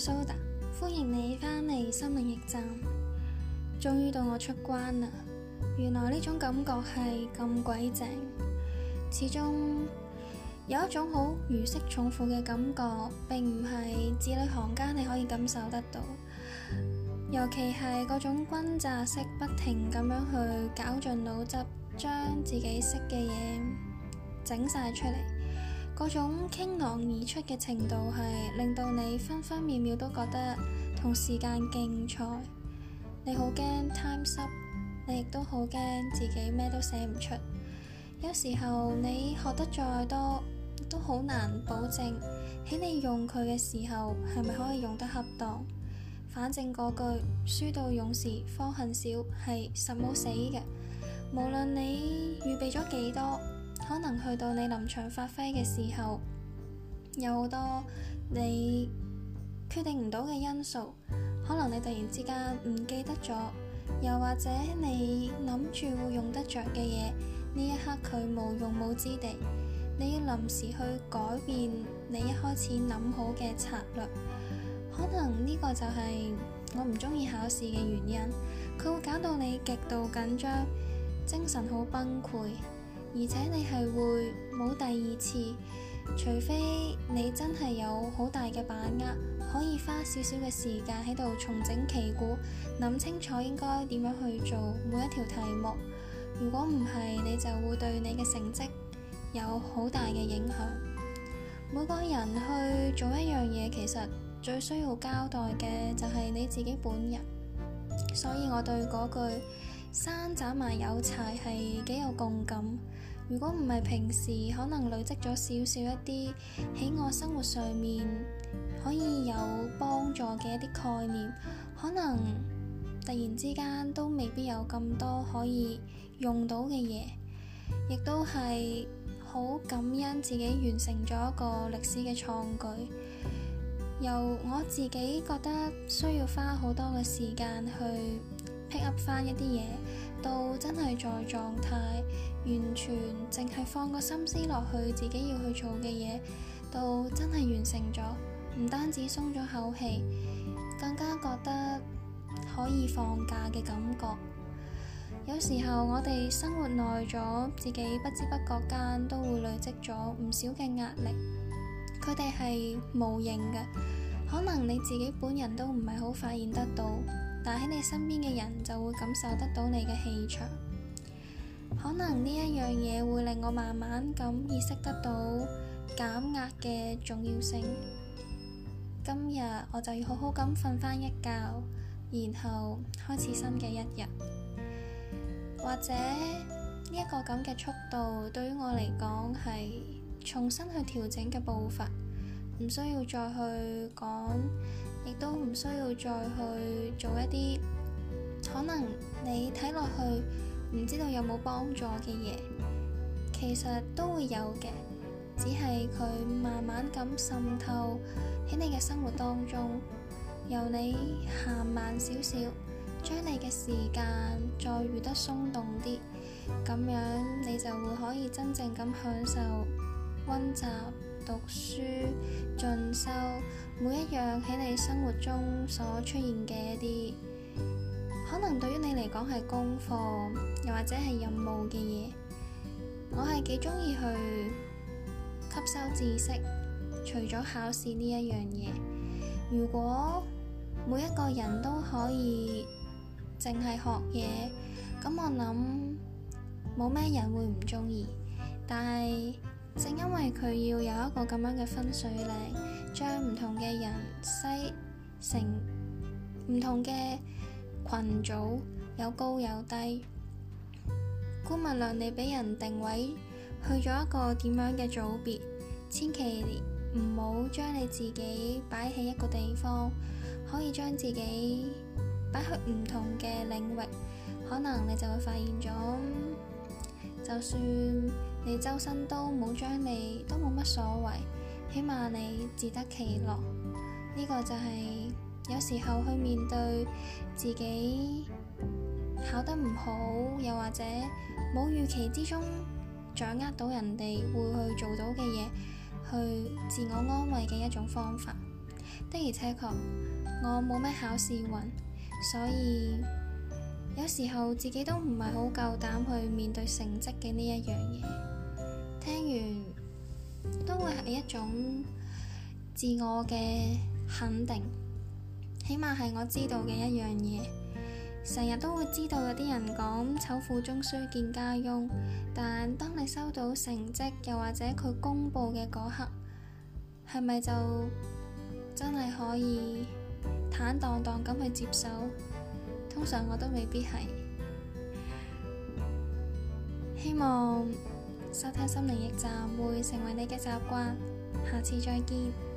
蘇達，so、that, 歡迎你翻嚟心靈驛站。終於到我出關啦，原來呢種感覺係咁鬼正。始終有一種好如釋重負嘅感覺，並唔係字裏行間你可以感受得到。尤其係嗰種轟炸式，不停咁樣去絞盡腦汁，將自己識嘅嘢整晒出嚟。嗰種傾囊而出嘅程度係令到你分分秒秒都覺得同時間競賽，你好驚 time up，你亦都好驚自己咩都寫唔出。有時候你學得再多都好難保證喺你用佢嘅時候係咪可以用得恰當。反正嗰句書到用時方恨少係實冇死嘅，無論你預備咗幾多。可能去到你臨場發揮嘅時候，有好多你決定唔到嘅因素。可能你突然之間唔記得咗，又或者你諗住會用得着嘅嘢，呢一刻佢冇用武之地。你要臨時去改變你一開始諗好嘅策略。可能呢個就係我唔中意考試嘅原因。佢會搞到你極度緊張，精神好崩潰。而且你係會冇第二次，除非你真係有好大嘅把握，可以花少少嘅時間喺度重整旗鼓，諗清楚應該點樣去做每一條題目。如果唔係，你就會對你嘅成績有好大嘅影響。每個人去做一樣嘢，其實最需要交代嘅就係你自己本人。所以我對嗰句山斬埋有柴係幾有共感。如果唔係平時可能累積咗少少一啲喺我生活上面可以有幫助嘅一啲概念，可能突然之間都未必有咁多可以用到嘅嘢，亦都係好感恩自己完成咗一個歷史嘅創舉，由我自己覺得需要花好多嘅時間去 pick up 翻一啲嘢。到真係在狀態，完全淨係放個心思落去自己要去做嘅嘢，到真係完成咗，唔單止鬆咗口氣，更加覺得可以放假嘅感覺。有時候我哋生活耐咗，自己不知不覺間都會累積咗唔少嘅壓力，佢哋係無形嘅，可能你自己本人都唔係好發現得到。但喺你身邊嘅人就會感受得到你嘅氣場，可能呢一樣嘢會令我慢慢咁意識得到減壓嘅重要性。今日我就要好好咁瞓翻一覺然後開始新嘅一日，或者呢一個咁嘅速度對於我嚟講係重新去調整嘅步伐。唔需要再去講，亦都唔需要再去做一啲可能你睇落去唔知道有冇幫助嘅嘢，其實都會有嘅，只係佢慢慢咁滲透喺你嘅生活當中，由你行慢少少，將你嘅時間再預得鬆動啲，咁樣你就會可以真正咁享受溫習。讀書進修，每一樣喺你生活中所出現嘅一啲，可能對於你嚟講係功課，又或者係任務嘅嘢，我係幾中意去吸收知識，除咗考試呢一樣嘢。如果每一個人都可以淨係學嘢，咁我諗冇咩人會唔中意，但係。正因為佢要有一個咁樣嘅分水嶺，將唔同嘅人篩成唔同嘅群組，有高有低。姑勿論你俾人定位去咗一個點樣嘅組別，千祈唔好將你自己擺喺一個地方，可以將自己擺去唔同嘅領域，可能你就會發現咗，就算。你周身都冇張利，都冇乜所謂，起碼你自得其樂。呢、這個就係、是、有時候去面對自己考得唔好，又或者冇預期之中掌握到人哋會去做到嘅嘢，去自我安慰嘅一種方法。的而且確，我冇咩考試運，所以有時候自己都唔係好夠膽去面對成績嘅呢一樣嘢。聽完都會係一種自我嘅肯定，起碼係我知道嘅一樣嘢。成日都會知道有啲人講“醜婦終須見家翁”，但當你收到成績，又或者佢公布嘅嗰刻，係咪就真係可以坦蕩蕩咁去接受？通常我都未必係。希望。收聽心靈驛站會成為你嘅習慣，下次再見。